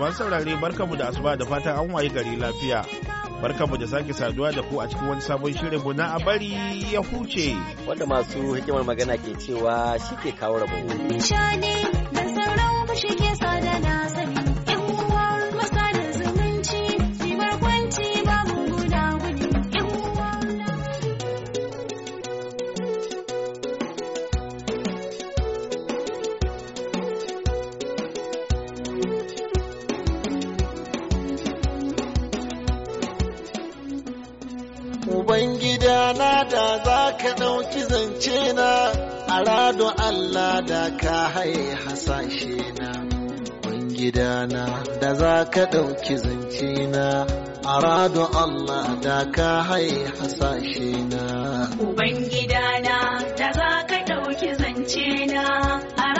masu saurare barkamu da asuba da fatan an waye gari lafiya. Barkamu da sake saduwa da ku a cikin wani sabon shirin na a bari ya huce. Wanda masu hikimar magana ke cewa shi ke kawo rabo. Shani, da sauran sa Ubangidana da za ka ɗauki zance na a rado Allah da ka haye hasashe na. Ubangidana da za ka ɗauki zance na a rado Allah da ka haye hasashe na. Ubangidana da za ka ɗauki zance na a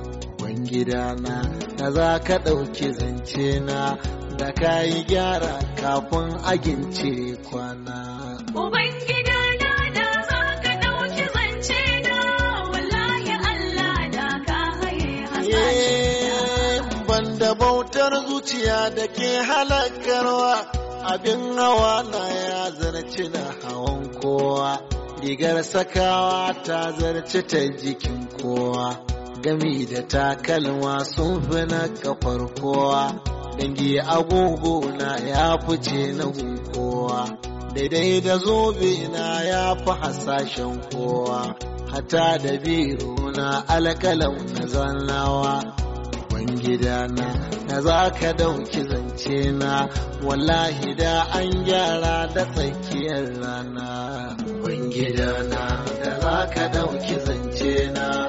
uban gidana da za ka ɗauki zance na da ka yi gyara kafin agince kwana. da bautar zuciya da ke halakarwa abin hawa na ya zarci na hawan kowa. rigar sakawa ta zarci ta jikin kowa gami da takalma sun fi na kafar kowa dangi agogo na ya fice na kowa daidai da zobe na ya fi hasashen kowa hata da biro na alkalau na zannawa gidana na za ka dauki zance na wallahi da an gyara da tsakiyar rana ban na da za ka dauki zance na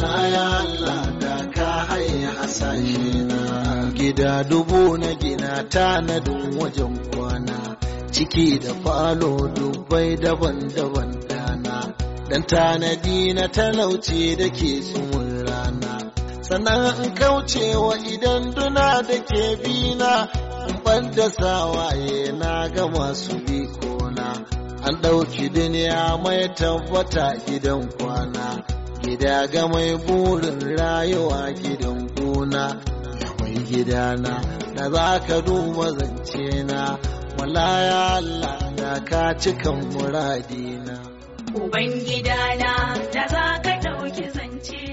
na ya Allah da ka haye hasashe na gida dubu na gina tanadin wajen kwana ciki da falo dubbai daban-daban dana dan tanadi na talauci da ke tsumin rana sannan in kaucewa idan duna da ke bina in ban da sawaye na ga masu bikona an ɗauki duniya mai tabbata gidan kwana gida ga mai burin rayuwa gidan gona ya mai gidana da za ka duba zance na ya Allah da ka cikan muradina. Ubangidana za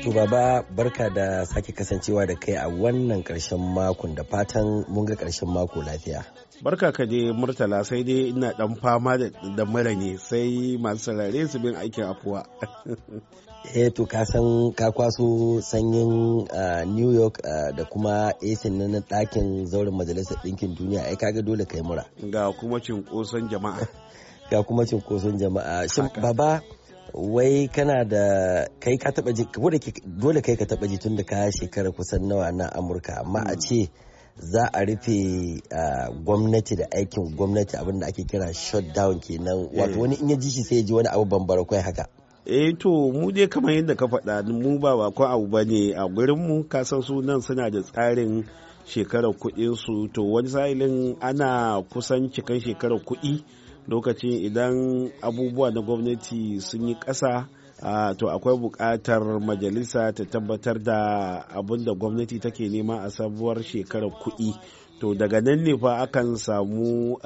To baba barka da sake kasancewa da kai a wannan karshen makon da fatan mun ga karshen mako lafiya. Barka ka je murtala sai dai ina dan fama da mura ne sai masu sarare su bin aikin afuwa. eh to ka san ka kwaso sanyin New York da kuma AC na ɗakin zauren majalisar ɗinkin duniya ai kaga dole kai mura. Ga kuma cinkoson jama'a. Ga kuma cinkoson jama'a. Shin baba wai kana da kai ka taba ji dole kai ka taba ji tun da ka shekara kusan nawa na amurka amma a ce za a rufe gwamnati da aikin gwamnati abinda ake kira shutdown kenan eh. wato wani in ya ji shi sai ya ji wani abu bambara kwai haka eh to mu dai kamar yadda ka faɗa mu ba ba ko abu bane a gurin mu san su nan suna da tsarin shekarar kuɗinsu to wani sa'ilin ana kusan cikan shekarar kuɗi lokacin idan abubuwa na gwamnati sun yi ƙasa to akwai buƙatar majalisa ta tabbatar da abin da gwamnati take nema a sabuwar shekarar kuɗi to daga nan ne fa akan samu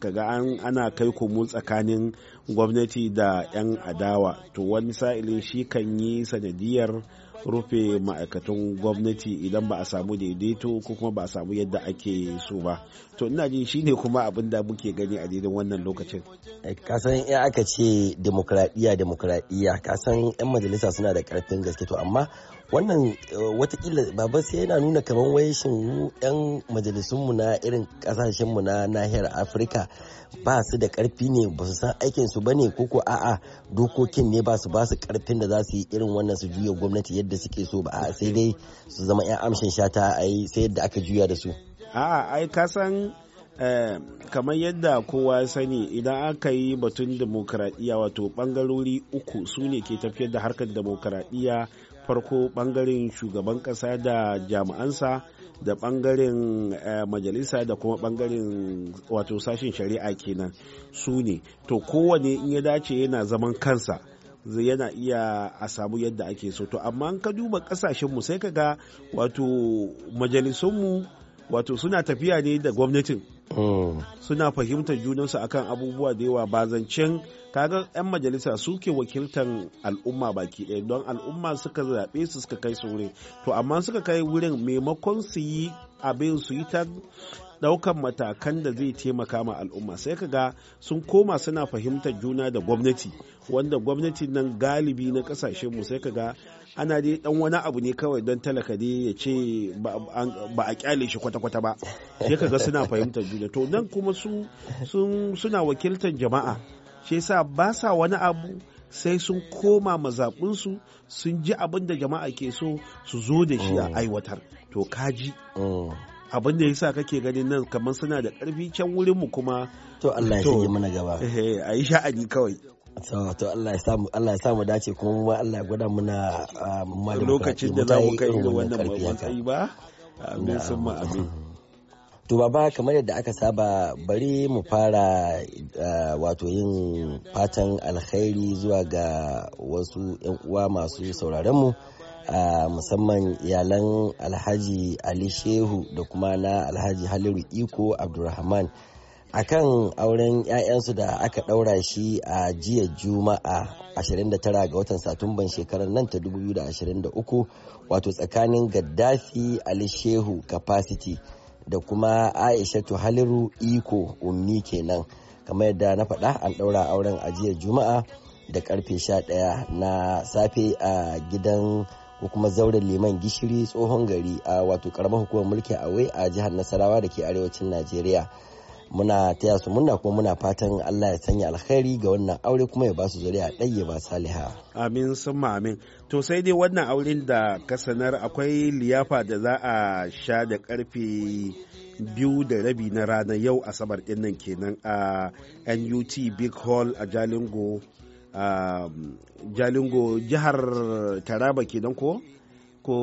kaga an ana kai komo tsakanin gwamnati da 'yan adawa to wani sa'ilin shi kan yi sanadiyar rufe ma'aikatan gwamnati idan ba a samu daidaito ko kuma ba a samu yadda ake so ba to ina jin ne kuma abin da muke gani a daidai wannan lokacin eh, kasan ya aka ce demokradiyya demokradiyya kasan yan majalisa suna da karfin gaske to amma wannan eh, watakila baba sai yana nuna kamar wai shin mu yan majalisunmu na irin kasashenmu na nahiyar afirka ba su da karfi ne ba su san aikin su bane ko ko a'a dokokin ne ba su ba su karfin da za su yi irin wannan su juya gwamnati yadda suke so ba a sai dai su zama yan amshin shata a yi sai yadda aka juya da su a'a ai ka san eh, kamar yadda kowa sani idan aka yi batun demokradiyya wato bangarori uku su ne ke tafiyar da harkar demokradiyya farko bangaren shugaban kasa da jami'ansa da bangaren eh, majalisa da kuma bangaren wato sashen shari'a kenan su ne to kowane in ya dace yana zaman kansa yana iya a samu yadda ake so to amma an ka duba kasashenmu sai ka ga wato majalisunmu wato suna tafiya ne da gwamnatin Mm. suna fahimtar junansu akan abubuwa da yawa ba zancen kaga 'yan majalisa suke wakiltar al'umma baki ɗaya don al'umma suka zaɓe su suka kai su wurin to amma suka kai wurin maimakon su yi abin su yi ta Daukan matakan da zai taimaka ma al'umma sai kaga sun koma suna fahimtar juna da gwamnati wanda gwamnati nan galibi na kasashen mu sai ka ana dai dan wani abu ne kawai don talaka dai ya ce ba a kyale shi kwata-kwata ba sai ka suna fahimtar juna to nan kuma su suna wakiltar jama'a shi yasa ba sa wani abu sai sun koma mazaɓinsu sun ji abin da jama'a ke so su zo da shi a mm. aiwatar to kaji mm. abin da yasa kake ganin nan kamar suna da karfi can wurin mu kuma to Allah ya sanya mana gaba eh yi sha'ani kawai to Allah ya samu Allah ya samu dace kuma mu Allah ya gwada muna ah, mu lokacin da za mu kai ga wannan matsayi ba amin sun ma amin to baba kamar yadda aka saba bari mu fara ah, wato yin fatan alkhairi zuwa ga wasu 'yan uwa masu sauraron mu musamman iyalan alhaji ali shehu da kuma na alhaji haliru iko abdulrahman kan auren 'ya'yansu da aka ɗaura shi a jiya juma'a 29 ga watan satumban shekarar nan ta 2023 wato tsakanin gaddafi ali shehu capacity da kuma aishatu haliru iko umni kenan kamar yadda na faɗa an ɗaura auren a jiya juma'a da karfe 11 na safe a gidan ko kuma zauren liman gishiri tsohon gari a wato karamar hukumar mulki a awai a jihar nasarawa da ke arewacin najeriya muna taya su muna kuma muna fatan Allah ya sanya alkhairi ga wannan aure kuma ya ba su zuriya ɗaya ba saliha. Amin sun amin. To sai dai wannan auren da ka sanar akwai liyafa da za a sha da karfe biyu da rabi na rana yau asabar ɗin nan kenan a NUT Big Hall a Jalingo Um, jalingo jihar taraba kenan ko ko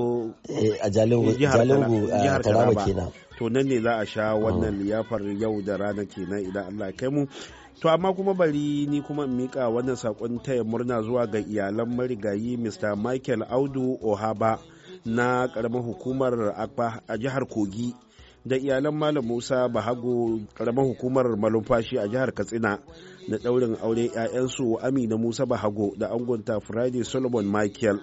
eh, a jalingo eh, jihar ah, taraba kenan to nan ne za a sha ah. wannan liyafar yau da rana kenan idan allah kai mu to amma kuma bari ni kuma in mika wannan sakon taya murna zuwa ga iyalan marigayi mr michael audu ohaba na ƙaramar hukumar akpa a jihar kogi da iyalan malam musa bahago karamar hukumar malumfashi a jihar katsina da daurin auren 'ya'yansu amina musa bahago da angonta friday solomon michael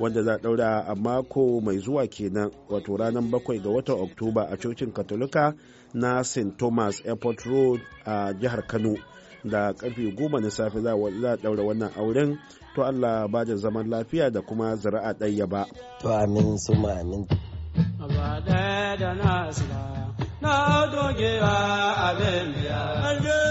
wanda za daura a mako mai zuwa kenan wato ranar bakwai ga watan oktoba a cocin katolika na st thomas airport road a jihar kano da karfe goma na safe za a daura wannan auren to allah ba da zaman lafiya da kuma zara'a daya ba to amin suma amin ba da na na dogewa abin biya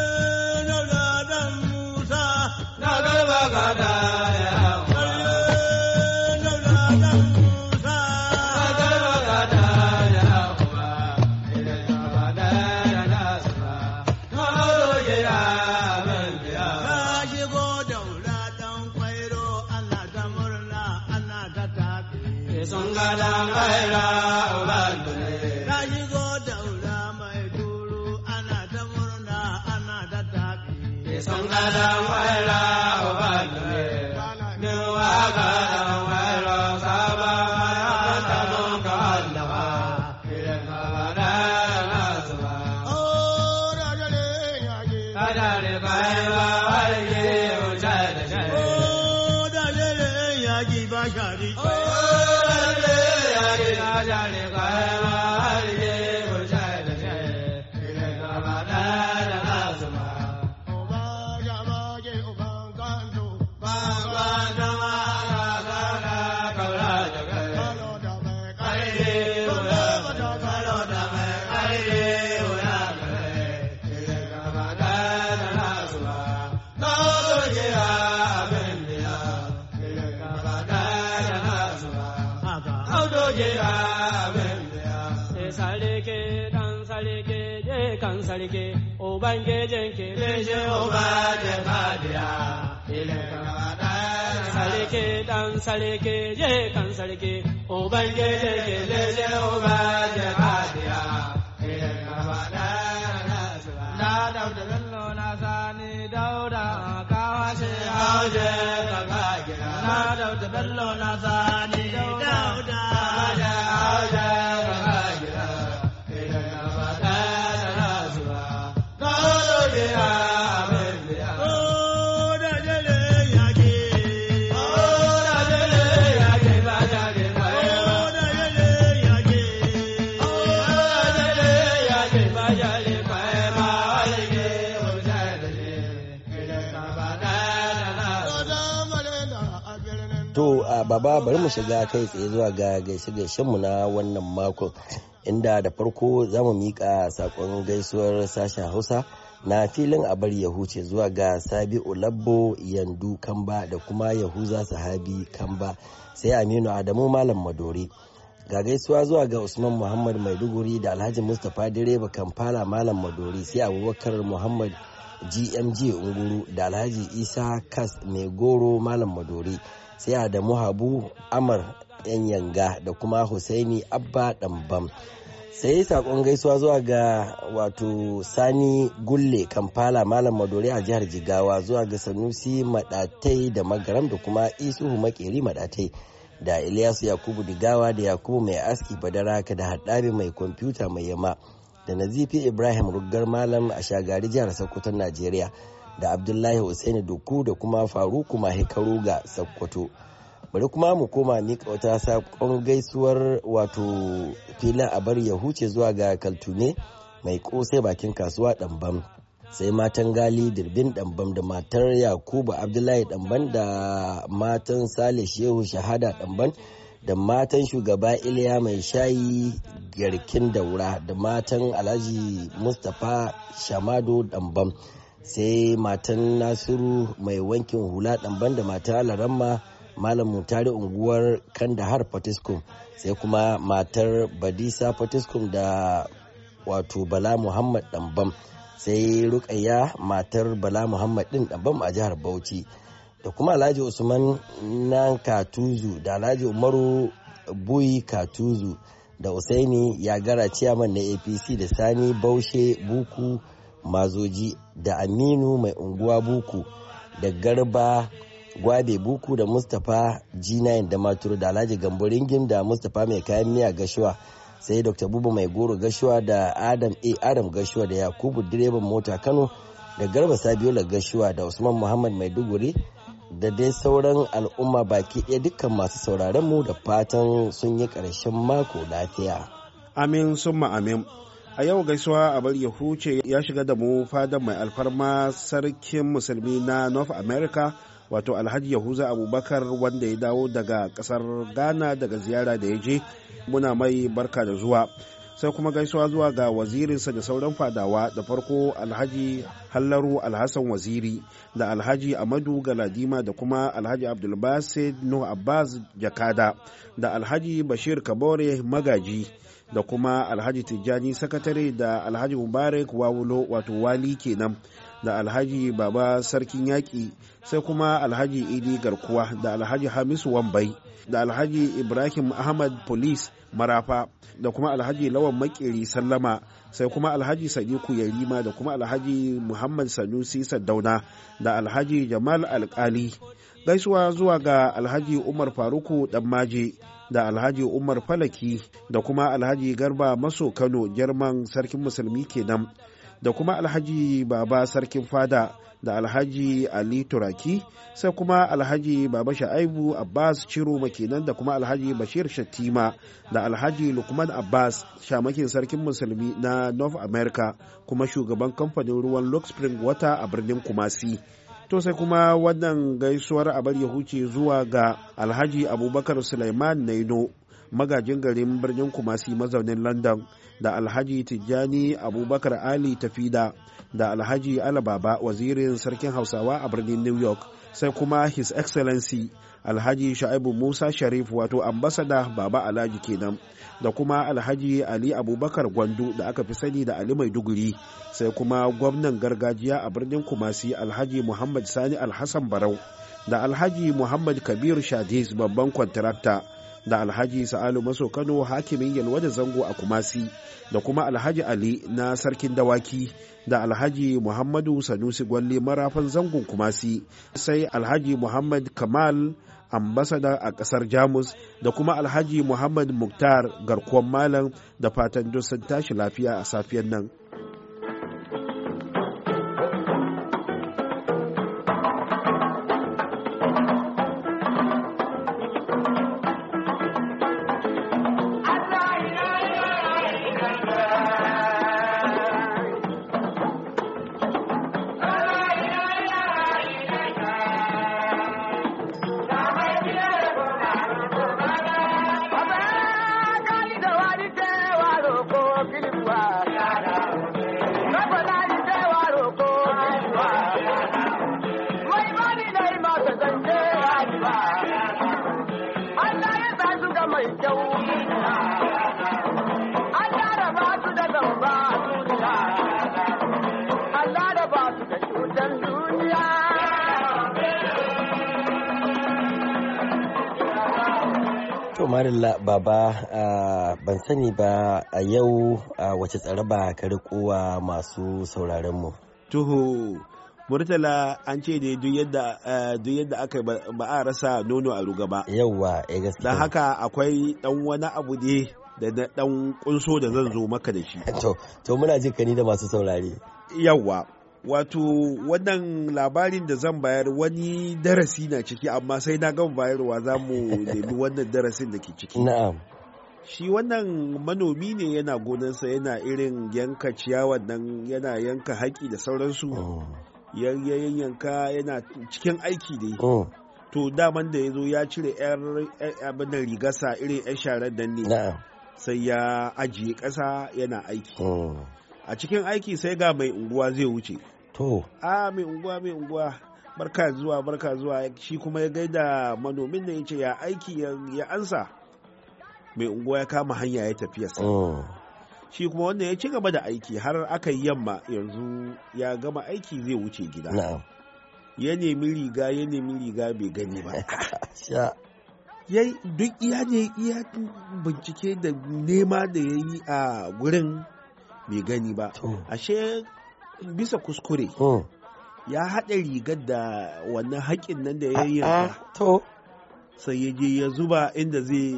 dàrí báyìí bá wáyé ó jáde jáde. ó dàlẹ́ lè yàgì bá ṣàrí. sarkin kele shi uba da fadiya je ubangiji da na dauda zallo na sani dauda a hauje kaka gida na dauda bello na sani dauda To a baba bari mu shiga kai tsaye zuwa ga gaishe mu na wannan makon inda da farko za mu miƙa saƙon gaisuwar sashen Hausa na filin a yahuce zuwa ga Sabi'u Labbo Yandu Kamba da kuma Yahuza Sahabi Kamba sai Aminu Adamu Malam Madori. Ga gaisuwa zuwa ga Usman Muhammad Maiduguri da Alhaji Mustapha Direba Kamfala Malam Madori sai Abubakar Muhammad GMG Unguru da Alhaji Isa Kas Mai Goro Malam Madori. sai adamu habu amar yan yanga da kuma husaini abba dambam sai sakon gaisuwa zuwa ga wato sani gulle kamfala malam madori a jihar jigawa zuwa ga sanusi madatai da magaram da kuma isuhu makeri madatai da iliasu yakubu digawa da yakubu mai aski badaraka da haɗari mai kwamfuta mai yama da nazifi ibrahim ruggar malam a shagari jihar sokoton najeriya da abdullahi hussaini doku da kuma faruku hekaru ga sakkwato bari kuma mu koma ni wata sakon gaisuwar wato filin a bari ya huce zuwa ga kaltune mai kosai bakin kasuwa ɗanbam sai matan gali dirbin ɗanbam da matar yakubu abdullahi ɗanbam da matan sale shehu shahada ɗanbam da matan shugaba iliya mai shayi garkin daura da matan alhaji mustapha shamado ɗanbam sai matan nasiru mai wankin hula ɗanban da mata alaramma malamin tari unguwar kandahar fatiskum sai kuma matar badisa fatiskum da wato bala muhammad ɗanban sai rukayya matar bala muhammad ɗin ɗanban a jihar bauchi da kuma alhaji usman nan katuzu da alhaji umaru buyi katuzu da usaini ya gara ciyaman na apc da sani baushe buku mazoji da aminu mai unguwa buku da garba gwabe buku da mustapha g9 da maturu da alhaji gambo ringin da mustapha mai kayan miya gashuwa sai dr buba mai goro gashuwa da adam a adam gashuwa da yakubu direban mota kano da garba sabiola gashuwa da usman muhammad maiduguri da dai sauran al'umma baki ɗaya dukkan masu sauraron mu da fatan sun yi ƙarshen mako lafiya amin summa amin A yau gaisuwa a bar ya huce ya shiga da mu fadar mai alfarma sarkin musulmi na North America wato Alhaji Yahuza Abubakar wanda ya dawo daga kasar Ghana daga ziyara da ya je muna mai barka da zuwa. Sai kuma gaisuwa zuwa ga wazirinsa da sauran fadawa da farko Alhaji Hallaru Alhassan Waziri da Alhaji Amadu Galadima da kuma Alhaji Abdulbasid Nuh Abbas Jakada da Alhaji Bashir Kabore Magaji. da kuma alhaji tijjani sakatare da alhaji mubarak wawulo wato wali kenan da alhaji baba sarkin yaƙi sai kuma alhaji idi garkuwa da alhaji hamisu wambai da alhaji ibrahim ahmad police marafa da kuma alhaji lawan makeri sallama sai kuma alhaji sadiku yarima da kuma alhaji muhammad sanusi saddauna da alhaji jamal alkali gaisuwa zuwa ga alhaji umar faruku dan maje da alhaji umar falaki da kuma alhaji garba maso kano german sarkin musulmi kenan da kuma alhaji baba sarkin fada da alhaji ali turaki sai kuma alhaji baba sha'aibu abbas ciro kenan da kuma alhaji bashir shatima da alhaji lukman abbas shamakin sarkin musulmi na north america kuma shugaban kamfanin ruwan lockspring spring water a birnin kumasi To sai kuma wannan gaisuwar abar ya huce zuwa ga Alhaji Abubakar Suleiman Naino magajin garin birnin Kumasi mazaunin London da Alhaji Tijjani Abubakar Ali Tafida da Alhaji Alababa wazirin sarkin Hausawa a birnin New York sai kuma His Excellency alhaji sha'ibu musa sharif wato ambasada baba alhaji kenan da kuma alhaji ali abubakar gwandu da aka fi sani da ali maiduguri sai kuma gwamnan gargajiya a birnin kumasi alhaji muhammad sani alhassan barau da alhaji muhammad kabiru shadis babban kwantarakta da alhaji sa'alu maso kano hakimin yalwa zango a kumasi da kuma alhaji ali na sarkin dawaki da alhaji muhammadu sanusi gwalli marafan zangon kumasi sai alhaji muhammad kamal ambasada a kasar jamus da kuma alhaji muhammad muktar garkuwan malam da fatan dusan sun tashi lafiya a safiyar nan Tumarilla baba ban sani ba a yau wace tsaraba ka rikowa masu sauraronmu. Tuhu Murtala an ce ne duk yadda aka ba a rasa nono a ruga ba. Yauwa, ya eh, gaskiya. Don haka akwai dan wani abu ne da na dan kunso da zan zo maka da shi. To, muna jikani da masu saurari. Yauwa. wato wannan labarin da zan bayar wani darasi na ciki amma sai na gan bayarwa za mu nemi wannan darasin da ke ciki na'am shi wannan manomi ne yana gonarsa yana irin yanka ciyawan nan yana yanka haƙi da sauransu oh. yan yanka yana cikin aiki dai oh. to daman da ya zo ya cire 'yar abin rigarsa irin 'yan sharar dan ne sai ya ajiye ƙasa yana aiki oh. a cikin aiki sai ga mai unguwa zai wuce to a mai unguwa mai unguwa barka zuwa barka zuwa shi kuma ya gaida manomin da ya ce ya aiki ya ansa mai unguwa ya kama hanya ya tafiya sa oh. shi kuma wannan ya ci gaba da aiki har aka yi yamma yanzu ya gama aiki zai wuce gida ya nemi riga ya nemi riga bai gani ba ya duk iya ne iya bincike da nema da ya yi a gurin bai gani ba ashe bisa kuskure hmm. ya haɗa rigar da wannan haƙin nan da ya yi ah, ah, to sai ya je ya zuba inda zai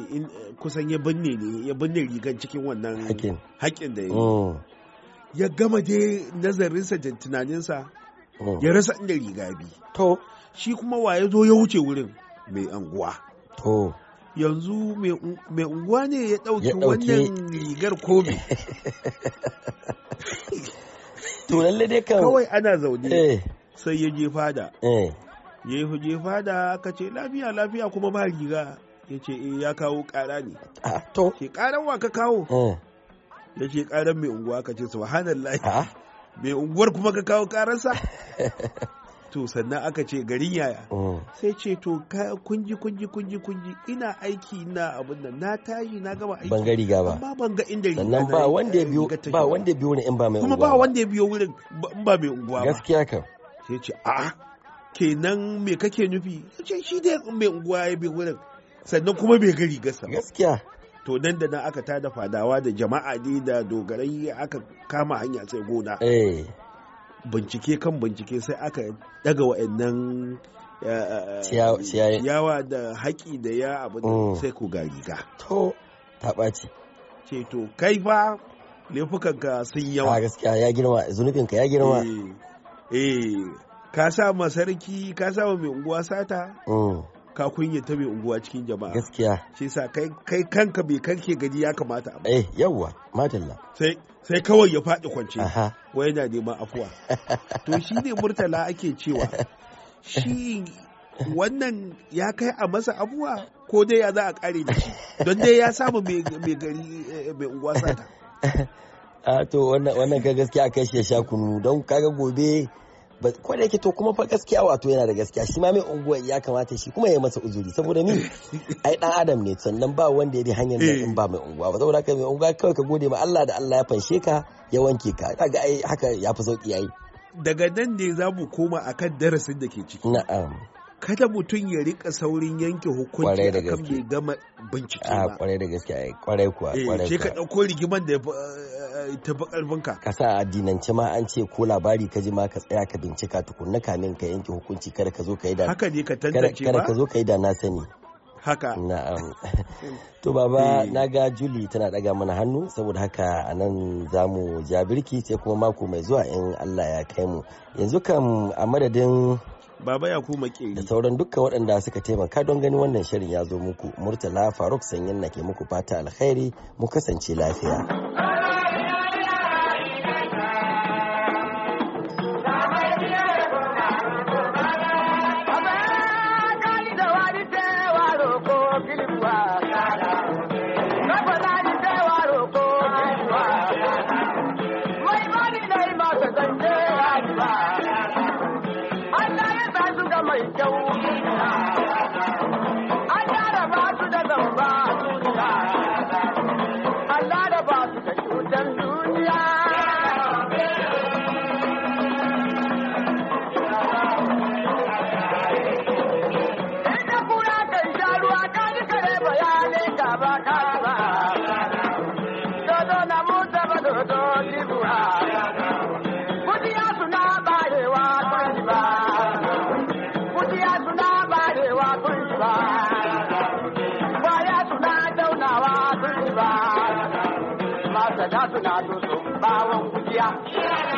kusan ya binne ne ya binne rigar cikin wannan haƙin da ya yi hmm. ya gama dai nazarinsa da tunaninsa hmm. ya rasa inda riga bi to shi kuma wa ya zo ya wuce wurin mai anguwa to yanzu mai unguwa ne ya ɗauki wannan rigar kome to lalle dai kawai. kawai ana zaune eh. sai ya je fada eh. ya yi je fada aka ce lafiya lafiya kuma ba riga ya ce eh, ya kawo kara ne ah, to Ke karan wa ka kawo ya ce karan mai unguwa ka ce subhanallahi ah. mai unguwar kuma ka kawo karansa to sannan aka ce garin yaya oh. sai ce to kunji kunji kunji kunji ina aiki ina abin nan na tashi na gama aiki ban gari ga ba amma ban ga inda riga sannan ba eh, wanda ya biyo ba wanda ya biyo ne in ba mai unguwa kuma ba wanda ya biyo wurin in ba mai unguwa ba gaskiya kam sai ce a'a kenan me kake nufi ce shi da mai unguwa ya biyo wurin sannan kuma bai gari gasa gaskiya to nan da nan aka tada fadawa da jama'a ne da dogarai aka kama hanya sai gona eh. bincike kan bincike sai aka daga wa'annan eh, eh, yawa da haƙi da ya abu mm. sai ku ga riga to ta ɓaci ce to kai fa laifukanka sun yawa a gaskiya ya girma zunubinka ya girma eh, eh ka sa ma sarki ka sa mai unguwa sata mm. ka kunyata mai unguwa cikin jama'a gaskiya Ce sa kai kanka bai kanke gani ya kamata eh yawwa matalla sai sai kawai ya faɗi kwance wai yana neman afuwa to shi ne murtala ake cewa shi wannan ya kai a masa abuwa ko dai ya za a kare da shi don dai ya samu mai gari eh, mai unguwa sata a ah, to wannan ka gaskiya a kai shi ya sha kunu don kaga gobe ba ko yake to kuma fa gaskiya wato yana da gaskiya shi ma mai unguwar ya kamata shi kuma ya masa uzuri saboda ni ai dan adam ne sannan ba wanda ya bi hanyar da in ba mai unguwa ba saboda ka mai unguwa kawai ka gode ma Allah da Allah ya fanshe ka ya wanke ka kaga ai haka ya fi sauki yayi daga nan ne za mu koma akan darasin da ke ciki na'am kada mutum ya rika saurin yanke hukunci akan bai gama bincike ah, ba kwarai da gaske kwarai kuwa eh, kwarai kuwa ka dauko rigiman da eh, ta fi karfinka ka sa addinance ma an ce ko labari ka ji ma ka tsaya ka bincika tukunna kamin ka yanke hukunci kada ka zo ka yi da haka ne ka tantance ba kada ka zo ka yi da na sani haka na'am to baba eh. na ga juli tana daga mana hannu saboda haka a nan za mu ja birki sai kuma mako mai zuwa in allah ya kai mu yanzu kam a madadin Baba ya kuma ke da sauran dukkan waɗanda suka taimaka don ganin wannan shirin ya zo muku. Murtala Faruk Sanyin na ke muku fata alkhairi mu kasance lafiya. suna doso bawan kujiya.